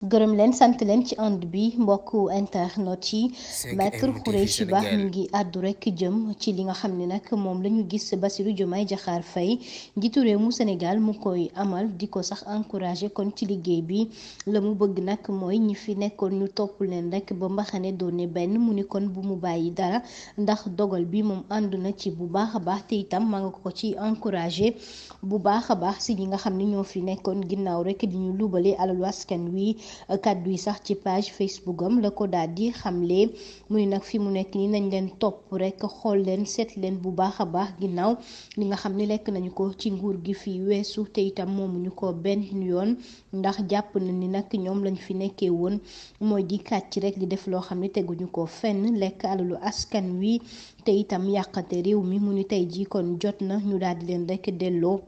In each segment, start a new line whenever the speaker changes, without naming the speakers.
gërëm leen sant leen ci ànd bi mbokku internet yi maître Khoureychi Ba mi ngi àddu rek jëm ci li nga xam ne nag moom la ñu gis Bassirou Diomaye Diakhar Faye njiitu réew mu Sénégal mu koy amal di ko sax encouragé kon ci liggéey bi la mu bëgg nag mooy ñi fi nekkoon ñu topp leen rek ba mbaxane doone benn mu ni kon bu mu bàyyi dara ndax dogal bi moom ànd na ci bu baax a baax te itam maa nga ko ci encouragé bu baax a baax si ñi nga xam ne ñoo fi nekkoon ginnaaw rek di ñu luubale alalu askan kaddu yi sax ci page Facebook am la ko daal di xamle mu ne nag fi mu nekk nii nañ leen topp rek xool leen seet leen bu baax a baax ginnaaw li nga xam ni lekk nañu ko ci nguur gi fii weesu te itam moomuñu ko benn yoon ndax jàpp na ni nag ñoom lañu fi nekkee woon mooy di kàcc rek di def loo xam ne teguñu ko fenn lekk alalu askan wi te itam yàqate réew mi mu ni tey jii kon jot na ñu daal di leen rekk delloo.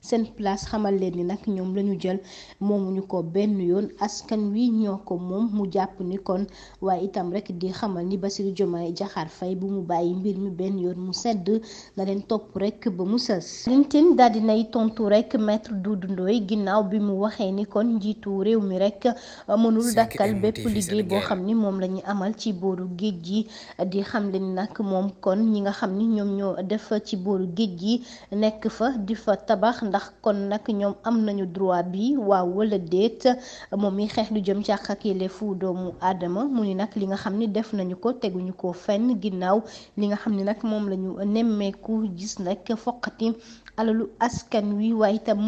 seen place xamal leen ni nag ñoom lañu ñu jël moomuñu ko benn yoon askan wi ñoo ko moom mu jàpp ni kon waaye itam rek di xamal ni Bassirou Diomaye Diakhar fay bu mu bàyyi mbir mi benn yoon mu sedd na leen topp rek ba mu sës lintin daal nay tontu rek maître du dundooy ginnaaw bi mu waxee ni kon njiitu réew mi rek mënul dakkal bépp liggéey boo xam ni moom lañuy amal ci booru géej gi di xam leen nag moom kon ñi nga xam ni ñoom ñoo def ci booru géej gi nekk fa di fa tabax ndax kon nag ñoom am nañu droit bi waaw wala deet moom mi xeex lu jëm ci àq ak yelleefu doomu aadama mu ni nag li nga xam ni def nañu ko teguñu ko fenn ginnaaw li nga xam ni nag moom la ñu nemmeeku gis nag foqati alalu askan wi waaye itam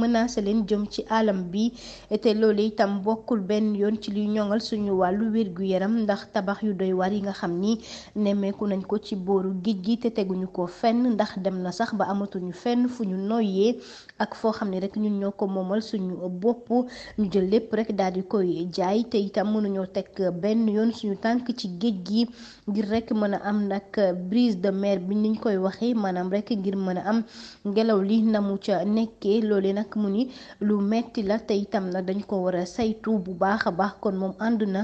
leen jëm ci alam bi te loolu itam bokkul benn yoon ci luy ñoŋal suñu wàllu wérgu yaram ndax tabax yu doy war yi nga xam ni nemmeeku nañ ko ci booru géej gi te teguñu ko fenn ndax dem na sax ba amatuñu fenn fu ñu noyyee ak foo xam ne rek ñun ñoo ko moomal suñu bopp ñu jël lépp rek daal di koy jaay te itam mënuñoo teg benn yoon suñu tànk ci géej gi ngir rek mën a am nag brise de mer bi niñ koy waxee maanaam rek ngir mën a am ngelaw li namu ca nekkee loole nag mu ni lu metti la te itam nag dañ ko war a saytu bu baax a baax kon moom ànd na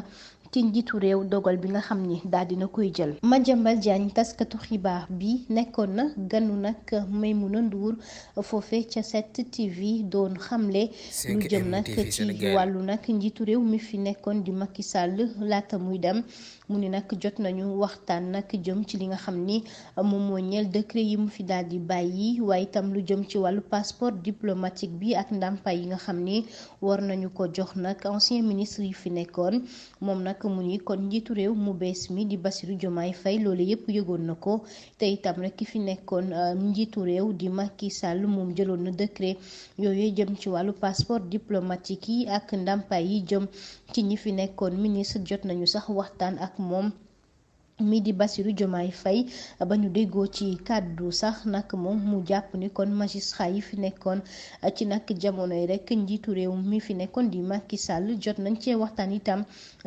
ci njiitu réew dogal bi nga xam ni daal dina koy jël Madiambal Diagne taskatu xibaar bi nekkoon na ganu nag may mu Ndour foofe ca 7TV doon xamle lu jëm nag ci wàllu nag njiitu réew mi fi nekkoon di Macky sàll laata muy dem mu ni nag jot nañu waxtaan nag jëm ci li nga xam ni moom moo ñeel décret yi mu fi daal di bàyyi waaye itam lu jëm ci wàllu passeport diplomatique bi ak ndàmpaay yi nga xam ni war nañu ko jox nag ancien ministre yi fi nekkoon moom nag kon njiitu réew mu bees mi di Bassirou Diomaye fay loolu yëpp yëgoon na ko te itam rek ki fi nekkoon euh, njiitu réew di Macky Sall moom jëloon na décret yooyu jëm ci wàllu passeport diplomatique yi ak ndàmpaay yi jëm ci ñi fi nekkoon ministre jot nañu sax waxtaan ak moom. mii di Bassirou Diomaye fay ba ñu déggoo ci kàddu sax nag moom mu jàpp ni kon magistrat yi fi nekkoon ci nag jamono yi rek njiitu réew mi fi nekkoon di Macky sàll jot nañ cee waxtaan itam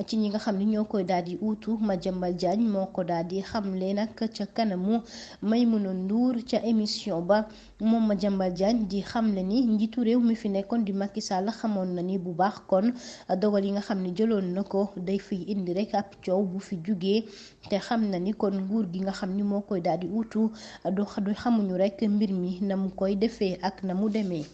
ci ñi nga xam ni ñoo koy daal di uutu Madiambal Diagne moo ko daal di xamle nag ca kanamu Maimouna Ndour ca émission ba moom Madiambal Diagne di xamle ni njiitu réew mi fi nekkoon di Macky Sall xamoon na ni bu baax kon dogal yi nga xam ne jëloon na ko day fiy indi rek ab coow bu fi jugee te xam na ni kon nguur gi nga xam ni moo koy daal wutu wuutu du xamuñu rek mbir mi na mu koy defee ak na mu demee.